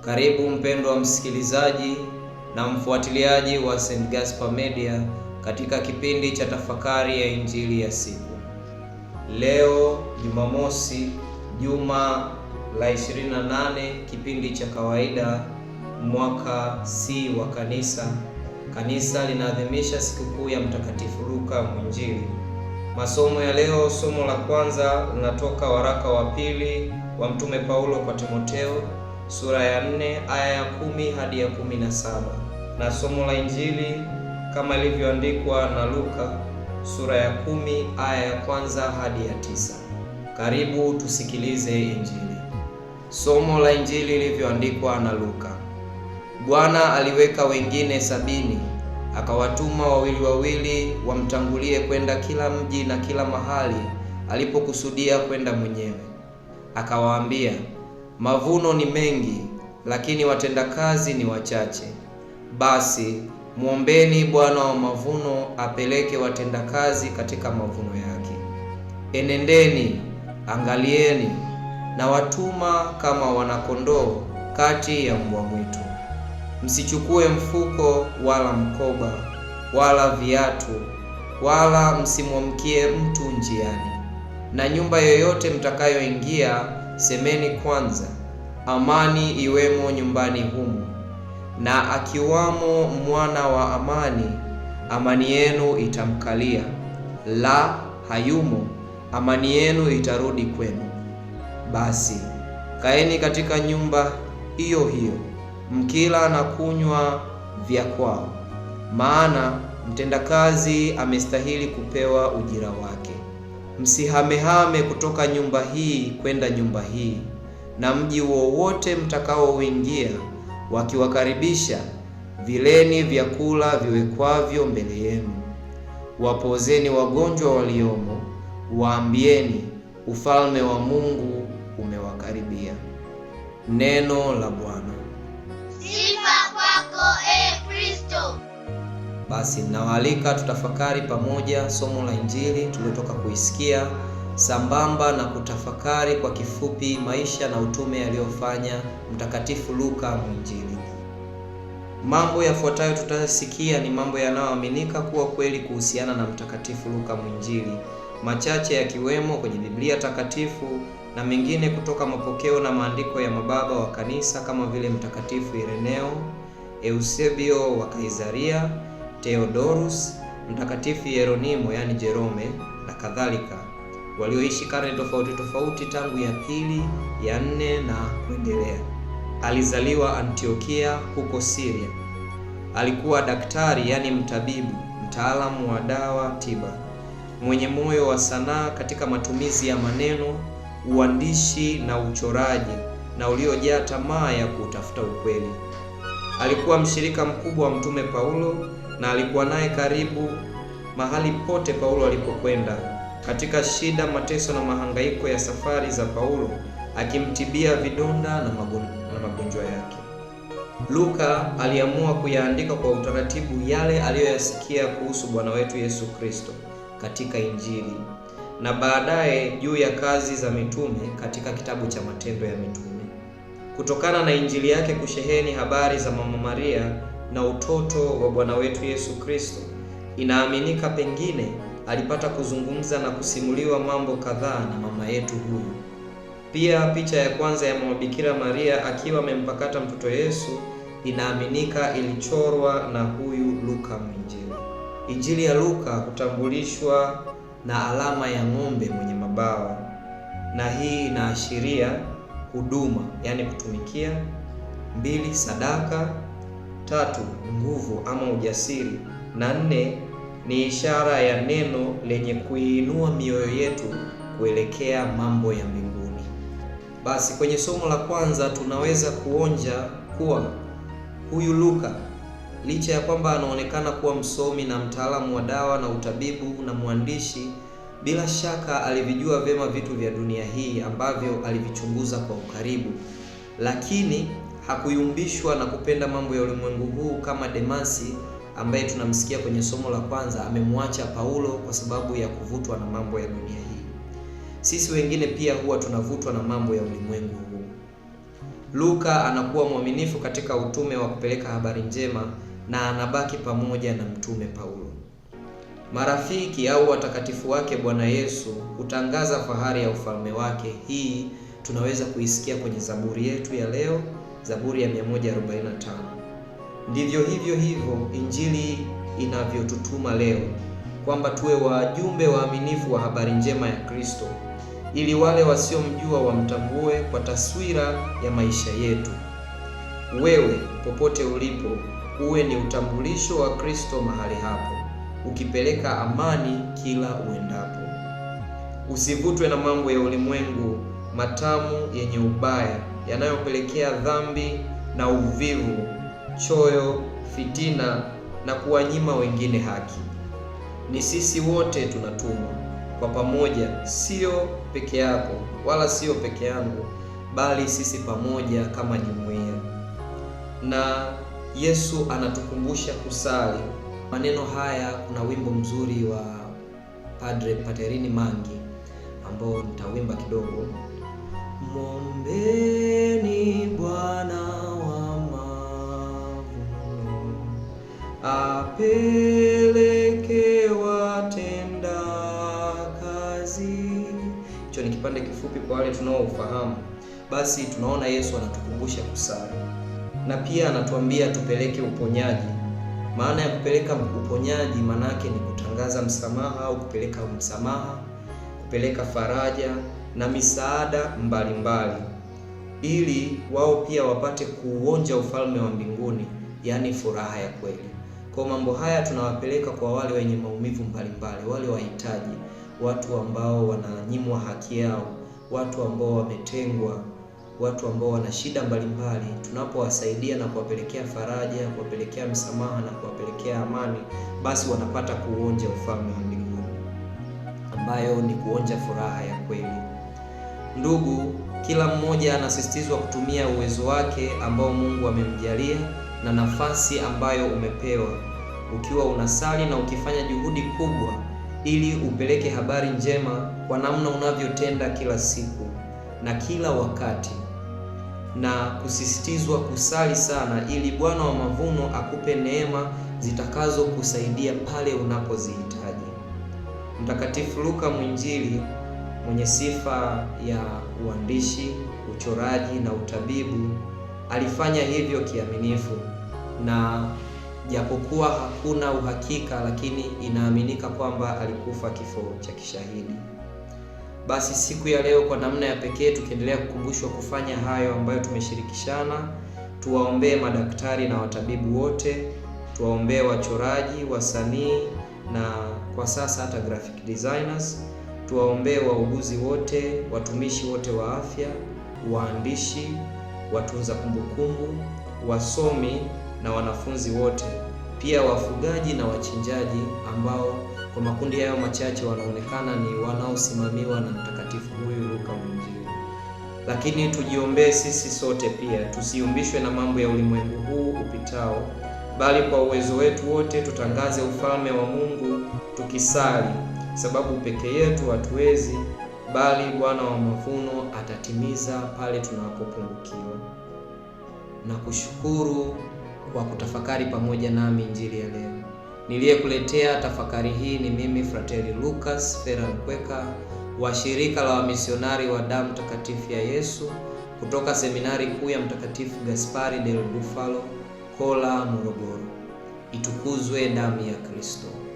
Karibu mpendwa msikilizaji na mfuatiliaji wa St. Gaspar Media katika kipindi cha tafakari ya injili ya siku. Leo Jumamosi, juma la 28 kipindi cha kawaida, mwaka C wa kanisa. Kanisa linaadhimisha sikukuu ya Mtakatifu Luka Mwinjili. Masomo ya leo, somo la kwanza linatoka waraka wa pili wa Mtume Paulo kwa Timoteo sura ya nne aya ya kumi hadi ya kumi na saba na somo la Injili kama ilivyoandikwa na Luka sura ya kumi aya ya kwanza hadi ya tisa. Karibu tusikilize Injili. Somo la Injili ilivyoandikwa na Luka. Bwana aliweka wengine sabini akawatuma wawili wawili wamtangulie kwenda kila mji na kila mahali alipokusudia kwenda mwenyewe. Akawaambia, Mavuno ni mengi, lakini watendakazi ni wachache. Basi mwombeni Bwana wa mavuno apeleke watendakazi katika mavuno yake. Enendeni, angalieni, na watuma kama wanakondoo kati ya mbwa mwitu. Msichukue mfuko wala mkoba wala viatu, wala msimwamkie mtu njiani, na nyumba yoyote mtakayoingia semeni kwanza, amani iwemo nyumbani humu, na akiwamo mwana wa amani, amani yenu itamkalia; la hayumo, amani yenu itarudi kwenu. Basi kaeni katika nyumba hiyo hiyo, mkila na kunywa vya kwao, maana mtendakazi amestahili kupewa ujira wake msihamehame kutoka nyumba hii kwenda nyumba hii, na mji wowote mtakaouingia wakiwakaribisha, vileni vyakula viwekwavyo mbele yenu. Wapozeni wagonjwa waliomo, waambieni, ufalme wa Mungu umewakaribia. Neno la Bwana. Sifa kwako, e Kristo. Basi ninawaalika tutafakari pamoja somo la Injili tuliotoka kuisikia sambamba na kutafakari kwa kifupi maisha na utume aliyofanya Mtakatifu Luka Mwinjili. Mambo yafuatayo tutayasikia ni mambo yanayoaminika kuwa kweli kuhusiana na Mtakatifu Luka Mwinjili, machache yakiwemo kwenye Biblia Takatifu na mengine kutoka mapokeo na maandiko ya mababa wa Kanisa kama vile Mtakatifu Ireneo, Eusebio wa Kaisaria Theodorus, Mtakatifu Yeronimo yaani Jerome na kadhalika, walioishi karne tofauti tofauti tangu ya pili, ya nne na kuendelea. Alizaliwa Antiokia huko Siria. Alikuwa daktari yaani mtabibu, mtaalamu wa dawa tiba, mwenye moyo wa sanaa katika matumizi ya maneno, uandishi na uchoraji, na uliojaa tamaa ya kutafuta ukweli. Alikuwa mshirika mkubwa wa Mtume Paulo na alikuwa naye karibu mahali pote Paulo alipokwenda. Katika shida, mateso na mahangaiko ya safari za Paulo, akimtibia vidonda na magonjwa yake. Luka aliamua kuyaandika kwa utaratibu yale aliyoyasikia kuhusu Bwana wetu Yesu Kristo katika Injili na baadaye juu ya kazi za mitume katika kitabu cha Matendo ya Mitume. Kutokana na Injili yake kusheheni habari za Mama Maria na utoto wa Bwana wetu Yesu Kristo. Inaaminika pengine alipata kuzungumza na kusimuliwa mambo kadhaa na mama yetu huyu. Pia picha ya kwanza ya Mama Bikira Maria akiwa amempakata mtoto Yesu inaaminika ilichorwa na huyu Luka mwinjili. Injili ya Luka hutambulishwa na alama ya ng'ombe mwenye mabawa, na hii inaashiria huduma, yaani kutumikia; mbili, sadaka tatu nguvu ama ujasiri, na nne ni ishara ya neno lenye kuiinua mioyo yetu kuelekea mambo ya mbinguni. Basi kwenye somo la kwanza tunaweza kuonja kuwa huyu Luka licha ya kwamba anaonekana kuwa msomi na mtaalamu wa dawa na utabibu na mwandishi, bila shaka alivijua vyema vitu vya dunia hii ambavyo alivichunguza kwa ukaribu, lakini hakuyumbishwa na kupenda mambo ya ulimwengu huu kama Demasi ambaye tunamsikia kwenye somo la kwanza amemwacha Paulo kwa sababu ya kuvutwa na mambo ya dunia hii. Sisi wengine pia huwa tunavutwa na mambo ya ulimwengu huu. Luka anakuwa mwaminifu katika utume wa kupeleka habari njema na anabaki pamoja na mtume Paulo. Marafiki au watakatifu wake Bwana Yesu hutangaza fahari ya ufalme wake. Hii tunaweza kuisikia kwenye Zaburi yetu ya leo. Zaburi ya 145. Ndivyo hivyo hivyo Injili inavyotutuma leo kwamba tuwe wajumbe waaminifu wa habari njema ya Kristo ili wale wasiomjua wamtambue kwa taswira ya maisha yetu. Wewe popote ulipo, uwe ni utambulisho wa Kristo mahali hapo, ukipeleka amani kila uendapo. Usivutwe na mambo ya ulimwengu matamu yenye ubaya yanayopelekea dhambi na uvivu, choyo, fitina na kuwanyima wengine haki. Ni sisi wote tunatumwa kwa pamoja, sio peke yako wala sio peke yangu, bali sisi pamoja kama jumuiya. Na Yesu anatukumbusha kusali maneno haya. Kuna wimbo mzuri wa Padre Paterini Mangi ambao nitawimba kidogo. Mwombeni Bwana wa mavuno, apeleke watenda kazi. Hicho ni kipande kifupi kwa wale tunaoufahamu. Basi tunaona Yesu anatukumbusha kusali na pia anatuambia tupeleke uponyaji. Maana ya kupeleka uponyaji, maana yake ni kutangaza msamaha au kupeleka msamaha, kupeleka faraja na misaada mbalimbali ili wao pia wapate kuuonja ufalme wa mbinguni, yaani furaha ya kweli. Kwa mambo haya tunawapeleka kwa wale wenye maumivu mbalimbali, wale wahitaji, watu ambao wananyimwa haki yao, watu ambao wametengwa, watu ambao wana shida mbalimbali. Tunapowasaidia na kuwapelekea faraja, kuwapelekea msamaha na kuwapelekea amani, basi wanapata kuuonja ufalme wa mbinguni, ambayo ni kuonja furaha ya kweli. Ndugu, kila mmoja anasisitizwa kutumia uwezo wake ambao Mungu amemjalia na nafasi ambayo umepewa, ukiwa unasali na ukifanya juhudi kubwa ili upeleke habari njema kwa namna unavyotenda kila siku na kila wakati, na kusisitizwa kusali sana ili Bwana wa mavuno akupe neema zitakazokusaidia pale unapozihitaji. Mtakatifu Luka Mwinjili mwenye sifa ya uandishi, uchoraji na utabibu, alifanya hivyo kiaminifu, na japokuwa hakuna uhakika, lakini inaaminika kwamba alikufa kifo cha kishahidi. Basi siku ya leo, kwa namna ya pekee, tukiendelea kukumbushwa kufanya hayo ambayo tumeshirikishana, tuwaombee madaktari na watabibu wote, tuwaombee wachoraji, wasanii na kwa sasa hata graphic designers tuwaombee wauguzi wote, watumishi wote wa afya, waandishi, watunza kumbukumbu, wasomi na wanafunzi wote, pia wafugaji na wachinjaji ambao kwa makundi yao machache wanaonekana ni wanaosimamiwa na mtakatifu huyu Luka Mwinjili. Lakini tujiombee sisi sote pia, tusiumbishwe na mambo ya ulimwengu huu upitao, bali kwa uwezo wetu wote tutangaze ufalme wa Mungu tukisali sababu peke yetu hatuwezi, bali Bwana wa mavuno atatimiza pale tunapopungukiwa. Na kushukuru kwa kutafakari pamoja nami injili ya leo. Niliyekuletea tafakari hii ni mimi Frateri Lucas Ferran wa shirika la wamisionari wa damu takatifu ya Yesu kutoka seminari kuu ya Mtakatifu Gaspari del Bufalo, Kola, Morogoro. Itukuzwe damu ya Kristo!